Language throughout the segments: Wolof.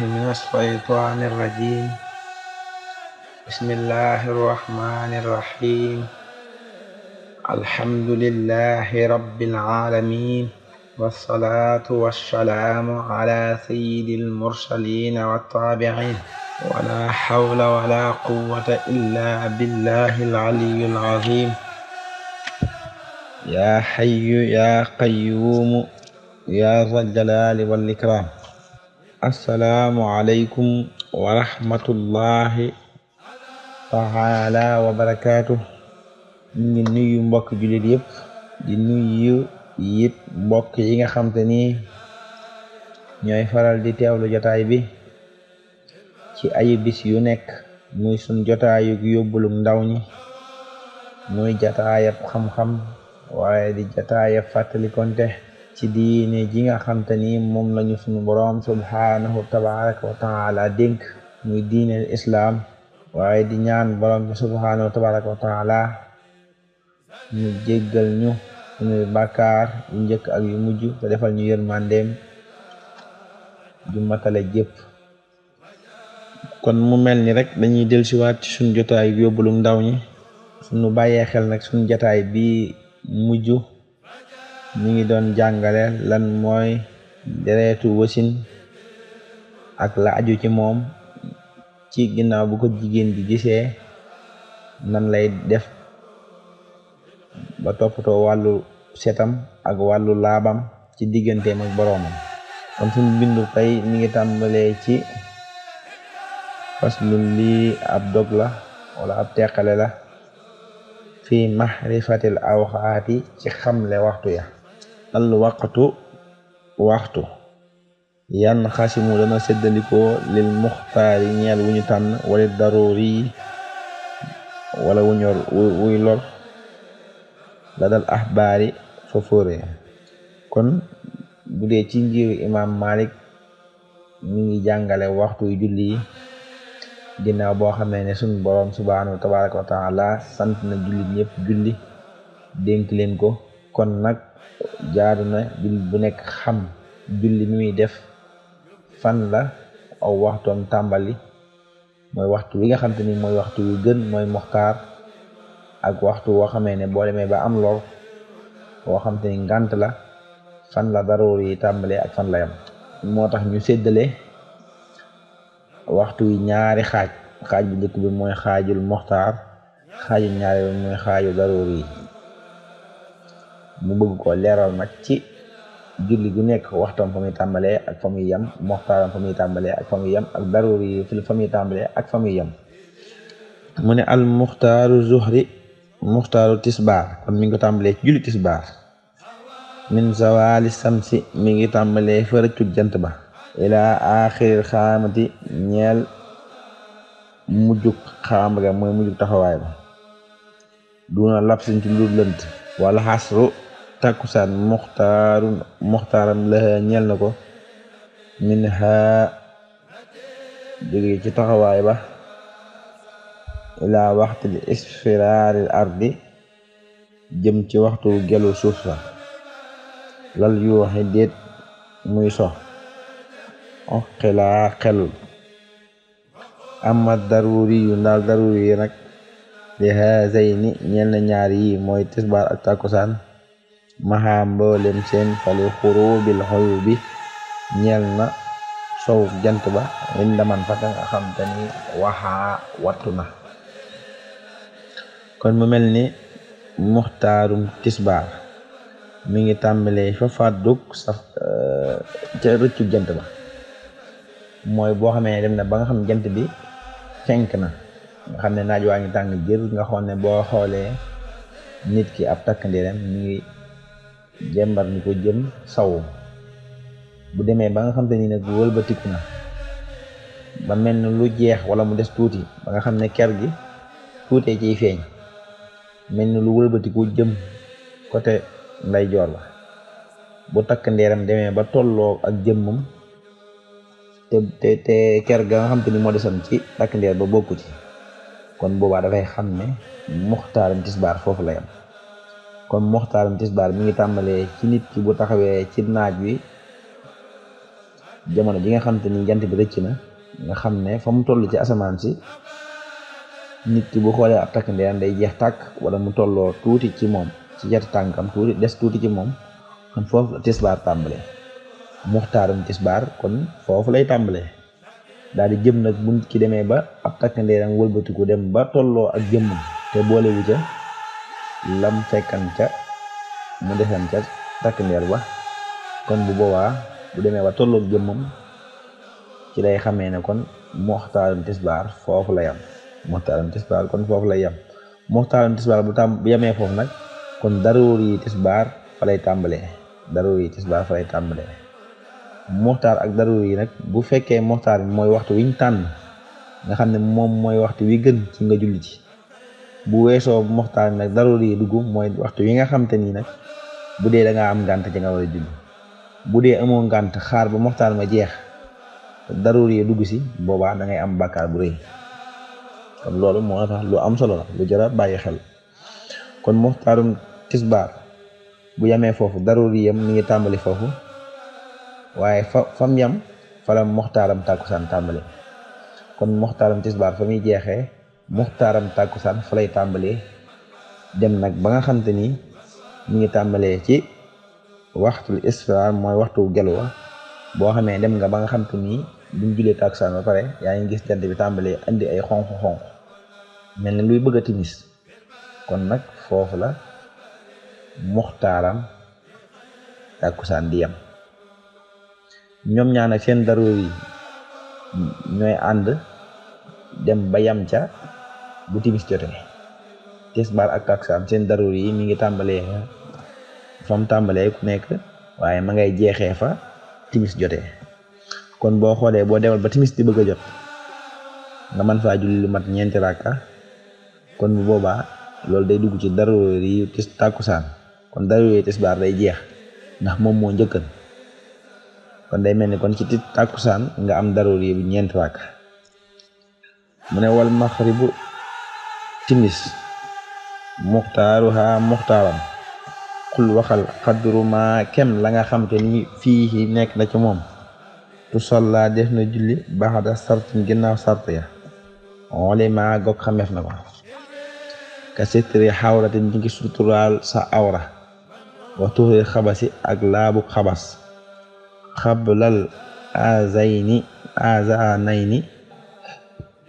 بالله من الشيطان الرجيم بسم الله الرحمن الرحيم الحمد لله رب العالمين والصلاة والسلام على سيد المرسلين والتابعين ولا حول ولا قوة إلا بالله العلي العظيم يا حي يا قيوم يا ذا الجلال والإكرام asalaamualeykum wa rahmatullahi taala wa barakaatu ñu ngi nuyu mbokk jullit yëpp di nuyu it mbokk yi nga xam te ni ñooy faral di teewlu jotaay bi ci ayu bis yu nekk muy sun jotaayug yóbbulu ndaw ñi muy jotaayab xam-xam waaye di jotaayab fàttalikonte ci diine ji nga xam ni moom lañu sunu boroom subhaanahu tabaraka wa taala dénk muy diine islaam waaye di ñaan boroom bi subhaanahu tabaraka wa taala ñu jéggal ñu sunuy bàkkaar yu njëkk ak yu mujj te defal ñu yërmandeem ju matale jépp kon mu mel ni rek dañuy dellusiwaat ci suñu jotaay yóbbulum ndaw ñi suñu bàyyee xel nag suñu jotaay bi mujj ñi ngi doon jàngale lan mooy deretu wasin ak la aju ci moom ci ginnaaw bu ko jigéen ji gisee nan lay def ba toppatoo wàllu setam ak wàllu laabam ci digganteem ak boroomam kon suñ bindu tey mi ngi tàmbalee ci faslun lii ab dog la wala ab teqale la fi maxrifatil awxaati ci xamle waxtu ya alwaqtu waxtu yan xasimu dana seddalikoo lil muxtaari ñeel wu tànn wala daroori wala wu ñor wuy lor la dal axbaari fa fóore kon bu dee ci ngiru imaam Malik mi ngi jàngale waxtu julli yi ginnaaw boo xamee ne suñ boroom subhaanahu tabaraka wa taala sant na jullit ñëpp julli dénk leen ko kon nag jaadu na jullit bu nekk xam julli mi muy def fan la aw waxtoom tàmbali mooy waxtu wi nga xam te ni mooy waxtu wi gën mooy moxtaar ak waxtu woo xamee ne boo demee ba am lool woo xam te ni ngànt la fan la daroor yi tàmbalee ak fan la yam moo tax ñu séddale waxtu wi ñaari xaaj xaaj bu njëkk bi mooy xaajul moxtaar xaaju ñaari bi mooy xaaju daroor yi mu bëgg koo leeral nag ci julli gu nekk waxtam fa muy tàmbalee ak fa muy yem moxtaaram fa muy ak fa muy yem ak daruri mu ne al muxtaaru zuhri muxtaaru tisbaar kon mi ngi ko tàmbalee ci julli tisbaar min zawali samsi mi ngi tàmbalee fa rëccu jant ba ilaa axiril xaamati ñeel mujjug xaam mooy mujjug taxawaay ba duna lapsin ci lënt wala xasru tàkkusaan muxtaarun muxtaaram laha ñel ko min haa jóge ci taxawaay ba ilaa waxtil isfiraaril ardi jëm ci waxtu gelu suuf sa lal yuuxi déet muy so oqilaa xelul amma daruri yu ndaal daruri yi nag li haasayni ñel na ñaar yi mooy tisbaar ak tàkkusaan maxaa mboolem seen fale xurubil xoyu bi ñeel na sow jant ba in daman faka nga xam te ni wattu na kon mu mel ni muxtaarum tisbaar mi ngi tàmbalee fa fàddug sax eh, ca rëccu jant ba mooy boo xamee dem na ba nga xam jant bi cenk na nga xam ne naaj waa ngi tàng jër nga xool ne boo xoolee nit ki ab takkandiram mi ngi jembat ni ko jëm saw bu demee ba nga xam te ni nag wëlbatiku na ba mel na lu jeex wala mu des tuuti ba nga xam ne ker gi tuutee ciy feeñ mel na lu wëlbatiku jëm côté nday joor ba bu takk ndeeram demee ba tolloo ak jëmmam te te te ker ga nga xam te ni moo desam ci takk ndeer ba bokku ci kon boobaa dafay xam ne muxtaaram tisbaar foofu la yam kon moxtaaram tisbaar mu ngi tàmbalee ci nit ki bu taxawee ci naaj wi jamono ji nga xam ni jant bi rëcc na nga xam ne fa mu toll ci asamaan si nit ki bu xoolee ab takk ndeeram day jeex tàkk wala mu tolloo tuuti ci moom ci jati tànkam tuuti tuuti ci moom kon foofu la tisbaar tàmbalee kon foofu lay tàmbalee daal di jëm nag bu nit ki demee ba ab takk ndeeram wëlbatiku dem ba tolloo ak jëmm te boolewu ca lam fekkan ca mu desan ca takk ndeer ba kon bu boobaa bu demee ba tolloog jëmmam ci lay xamee ne kon moxtaarum tisbaar foofu la yam moxtaarum tisbaar kon foofu lay yam moxtaarum tisbaar bu tàm bu yamee foofu nag kon daruur yi tisbaar fa lay tàmbalee daruur yi tisbaar fa lay tàmbalee moxtaar ak daruur yi nag bu fekkee moxtaar mooy waxtu wiñ tànn nga xam ne moom mooy waxtu wi gën ci nga julli bu weesoo moxtaan nag daruri yi dugg mooy waxtu yi nga xam te nii nag bu dee da ngaa am ngànt ci nga war a julli bu dee amoo ngant xaar ba moxtaan ma jeex daruri yi dugg si boobaa da am bàkkaar bu rëy kon loolu moo tax am solo la lu jar a bàyyi xel kon moxtaarum tisbaar bu yamee foofu daruri yam mi ngi tàmbali foofu waaye fa fam yam falam moxtaaram tàkkusaan tàmbali kon moxtaaram tisbaar fa muy jeexee muxtaaram tàkkusaan fa lay tàmbalee dem nag ba nga xamante ni mu ngi tàmbalee ci waxtul isfar mooy waxtu gelu boo xamee dem nga ba nga xam xamante ni buñ julee tàkkusaan ba pare yaa ngi gis jant bi tàmbalee andi ay xonq xonq mel na luy bëgg timis kon nag foofu la muxtaaram tàkkusaan di yem ñoom ñaan ak seen daru yi ñooy ànd dem ba yam ca bu timis jotee tisbaar ak taksaan seen daruur yi mi ngi tàmbalee fa mu tàmbalee ku nekk waaye ma ngay jeexee fa timis jotee kon boo xoolee boo demal ba timis di bëgg a jot nga man faa julli lu mat ñeenti rakka kon bu boobaa loolu day dugg ci daruur yi tàkkusaan kon daruur yi tisbaar day jeex ndax moom moo njëkkan kon day mel ni kon ci tàkkusaan nga am daruur yi ñeenti rakka mu ne wal maxribu timis muxtaaru ha muxtaaram xul waxal xadru kem la nga xam te ni fii nekk na ci moom tu salla def na julli baxda sartin ginnaaw sart ya xoole ma gog xameef na ko ka sitri xawrati ñi ngi suturaal sa awra wa tuxri xabasi ak laabu xabas xablal azayni azanayni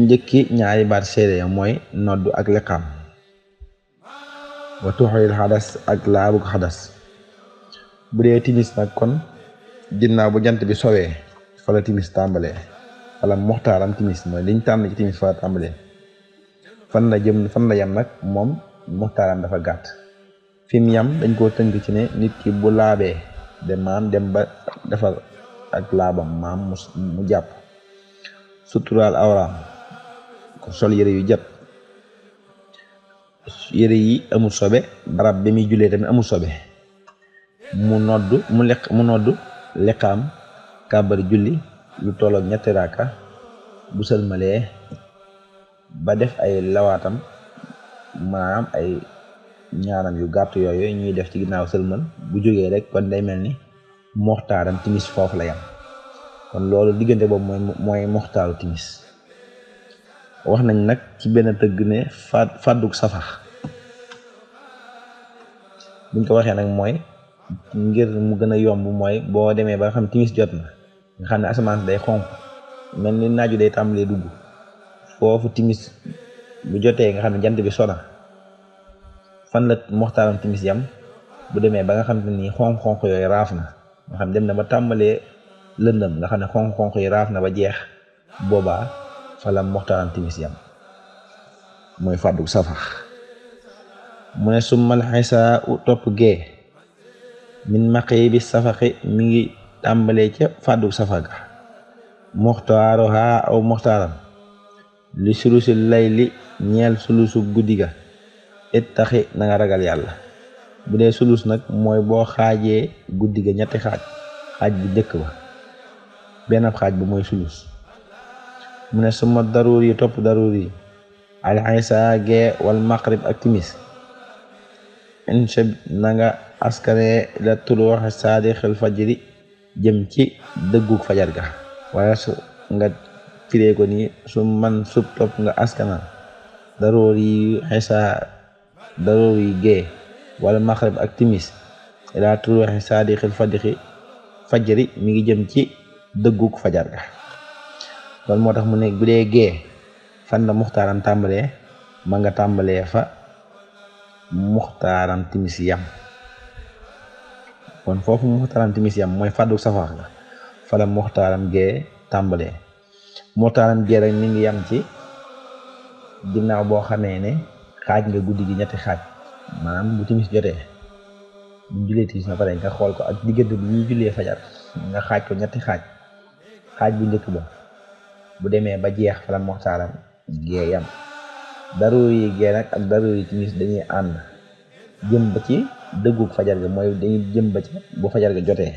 njëkki ñaari baat seede mooy noddu ak liqaam wa tuxalil xadas ak laabug xadas bu dee timis nag kon ginnaaw bu jant bi soowee fa la timis tàmbalee wala muxtaaram timis mooy liñ tànn ci timis fan la jëm fan la yem nag moom muxtaaram dafa gàtt fi yam yem dañ koo tënk ci ne nit ki bu laabee de maam dem ba defal ak laabam maam mu jàpp suturaal awraam sol yére yu jot yére yi amul sobe barab bi muy jullee tamit amul sobe mu nodd mu lekk mu nodd liqaam kàbbar julli lu tolloog ñetti raaka bu sëlmalee ba def ay lawaatam maanaam ay ñaaram yu gàtt yooyu ñuy def ci ginnaaw sëlmal bu jógee rek kon day mel ni moxtaaram timis foofu la yam kon loolu diggante boobu mooy moxtaaru timis wax nañ nag ci benn tëgg ne fad fàddug safax buñ ko waxee nag mooy ngir mu gën a yomb mooy boo demee ba nga xam timis jot na nga xam ne asamaan day xonq mel ni naaju day tàmbalee dugg foofu timis bu jotee nga xam ne jant bi sona fan la moxtaaram timis yam bu demee ba nga xam ne nii xonq-xonq yooyu raaf na nga xam dem na ba tàmbalee lëndëm nga xam ne xonq-xonq yi raaf na ba jeex boobaa falam moxtaram timis yam mooy fàddu safax mu ne summal xisaa u topp gee min maqi bi safaxi mu ngi tàmbalee ca fàddu safax ga moxtaaruha aw moxtaaram li sulusi layli ñeel sulusu guddi ga it taxi na ragal yàlla bu dee sulus nag mooy boo xaajee guddi ga ñetti xaaj xaaj bu njëkk ba benn xaaj ba mooy sulus mu ne suma daruur yi topp daruur yi al isa gee wal maqrib ak timis inchab na nga askane la tulooxe saadixil fajri jëm ci dëggug fajar ga waaye su ko nii su man sub topp nga askana daruur yi isa daruur yi gee wal maqrib ak timis la tulooxe saadixil fajri mi ngi jëm ci dëggug fajar ga loolu moo tax mu ne bu dee gee fan la muxtaaram tàmbalee ma nga tàmbalee fa muxtaaram timis yam kon foofu muxtaaram timis yam mooy fàddu safar la fa la muxtaaram gee tàmbalee muxtaaram gee rek mi ngi yam ci ginnaaw boo xamee ne xaaj nga guddi gi ñetti xaaj maanaam bu timis jotee bu jullee timis na pare nga xool ko ak diggante bi ñuy jullee fajar nga xaaj ko ñetti xaaj xaaj bu njëkk ba bu demee ba jeex falan moxtaaram gee yam daru yi gee nag ak daru yi timis dañuy ànd jëm ci dëggug fajar ga mooy dañuy jëm ba ci bu fajar ga jotee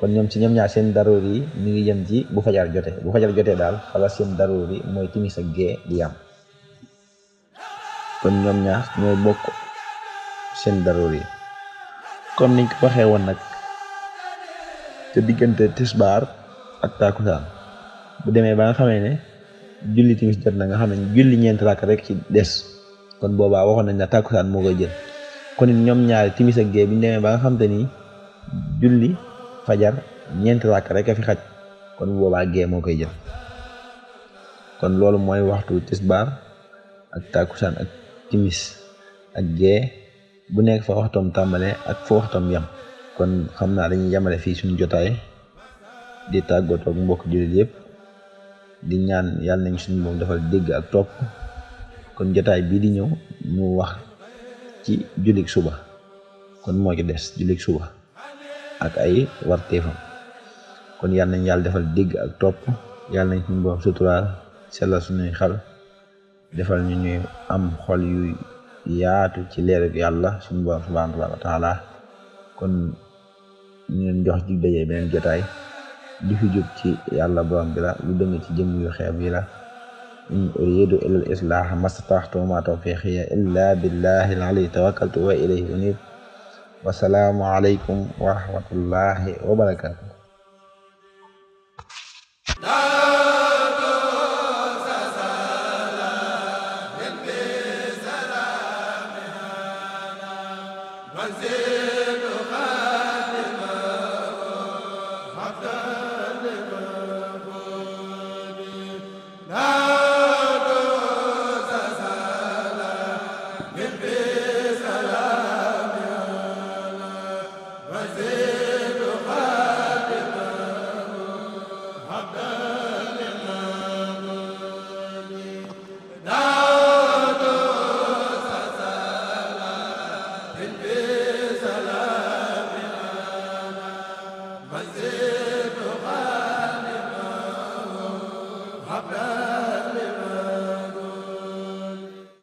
kon ñoom ci ñoom ñaar seen daruur yi mi ngi jëm ci bu fajar jotee bu fajar jotee daal xala seen daruur yi mooy timis ak gee di yam kon ñoom ñaar ñooy bokk seen daruur yi comme niñ ko waxee woon nag te diggante tisbaar ak taakusaan bu demee ba nga xamee ne julli timis jot na nga xam ne julli ñeenti rakk rek ci des kon boobaa waxoon nañ ne tàkkusaan moo koy jël kon ñoom ñaari timis ak bi ñu demee ba nga xam te ni julli ñeenti rakk rek a fi xaj kon boobaa gee moo koy jël kon loolu mooy waxtu tisbaar ak tàkkusaan ak timis ak gee bu nekk fa waxtoom tàmbale ak fa waxtoom yam kon xam naa dañuy yamale fii suñu jotaay di tàggatoo ak mbokk jullit yëpp di ñaan yàlla nañ suñu moom defal dégg ak topp kon jotaay bii di ñëw ñu wax ci julik suba kon moo ci des jullik suba ak ay warteefam kon yàlla nañ yàlla defal dégg ak topp yàlla nañ suñu borom suturaal sellal suñuy xal defal ñu ñuy am xol yu yaatu ci leerug yàlla suñu borom subhanahu wa taala kon ñu leen jox ji beneen jotaay lu fi jub ci yàlla borom bi la lu ci jëm yu xeeb yi la in uridu ilal islaaha mastataxtu ma tawfiqiya illa billahi alayhi tawakkaltu wa ilayhi unib wasalaamu alaykum wa wa barakatu